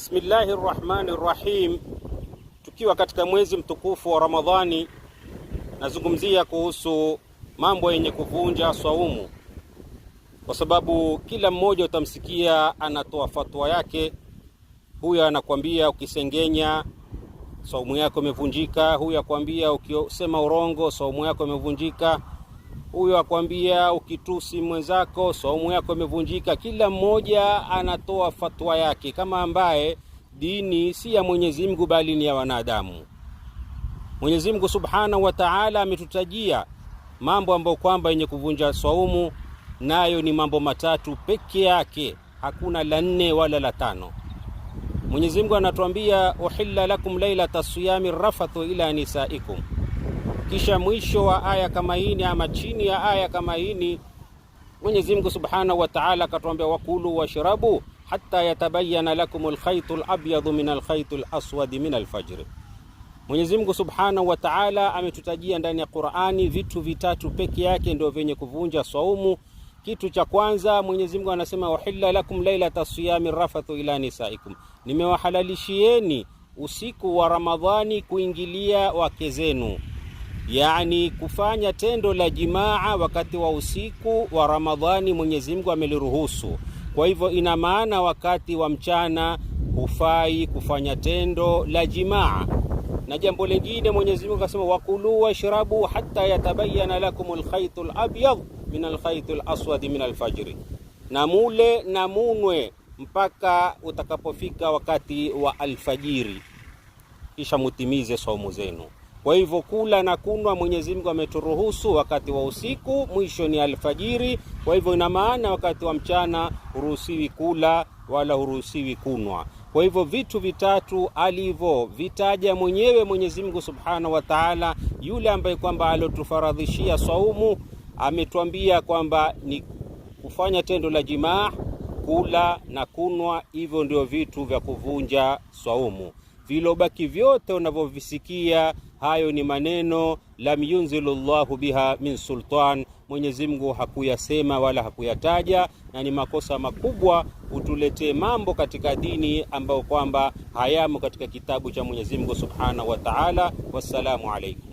Bismillahi rahmani rrahim. Tukiwa katika mwezi mtukufu wa Ramadhani, nazungumzia kuhusu mambo yenye kuvunja swaumu, kwa sababu kila mmoja utamsikia anatoa fatwa yake. huyo anakwambia ukisengenya saumu yako imevunjika, huyo akwambia ukisema urongo saumu yako imevunjika huyo akwambia ukitusi mwenzako saumu yako imevunjika. Kila mmoja anatoa fatwa yake, kama ambaye dini si ya Mwenyezi Mungu bali ni ya wanadamu. Mwenyezi Mungu Subhanahu wa Ta'ala ametutajia mambo ambayo kwamba yenye kuvunja saumu, nayo ni mambo matatu peke yake, hakuna la nne wala la tano. Mwenyezi Mungu anatuambia, uhilla lakum lailata siyami rafathu ila nisaikum kisha mwisho wa aya kama hii ama chini ya aya kama hii Mwenyezi Mungu Subhanahu wa Ta'ala akatuambia, wakulu washrabu hatta yatabayyana lakum alkhaytu alabyadu min alkhaytu aswadi min alfajr. Mwenyezi Mungu Subhanahu wa Ta'ala ametutajia ndani ya Qur'ani vitu vitatu peke yake ndio vyenye kuvunja saumu. Kitu cha kwanza Mwenyezi Mungu anasema, uhilla lakum lailata siyami rafathu ila nisaikum, nimewahalalishieni usiku wa Ramadhani kuingilia wake zenu yani kufanya tendo la jimaa wakati wa usiku wa Ramadhani, Mwenyezi Mungu ameliruhusu. Kwa hivyo ina maana wakati wa mchana hufai kufanya tendo la jimaa. Na jambo lingine Mwenyezi Mungu akasema, wakulu washrabu hatta yatabayana lakum alkhaytu alabyad min alkhaytu alaswad min alfajri, na mule na munwe mpaka utakapofika wakati wa alfajiri, kisha mutimize saumu zenu. Kwa hivyo kula na kunwa Mwenyezi Mungu ameturuhusu wakati wa usiku, mwisho ni alfajiri. Kwa hivyo ina maana wakati wa mchana huruhusiwi kula wala huruhusiwi kunwa. Kwa hivyo vitu vitatu alivyovitaja mwenyewe Mwenyezi Mungu Subhanahu wa Ta'ala, yule ambaye kwamba alotufaradhishia saumu, ametuambia kwamba ni kufanya tendo la jimaa, kula na kunwa, hivyo ndio vitu vya kuvunja saumu vilobaki vyote unavyovisikia hayo ni maneno lam yunzilu llahu biha min sultan, Mwenyezi Mungu hakuyasema wala hakuyataja, na ni makosa makubwa utuletee mambo katika dini ambayo kwamba hayamo katika kitabu cha Mwenyezi Mungu subhanahu wa taala. Wassalamu alaikum.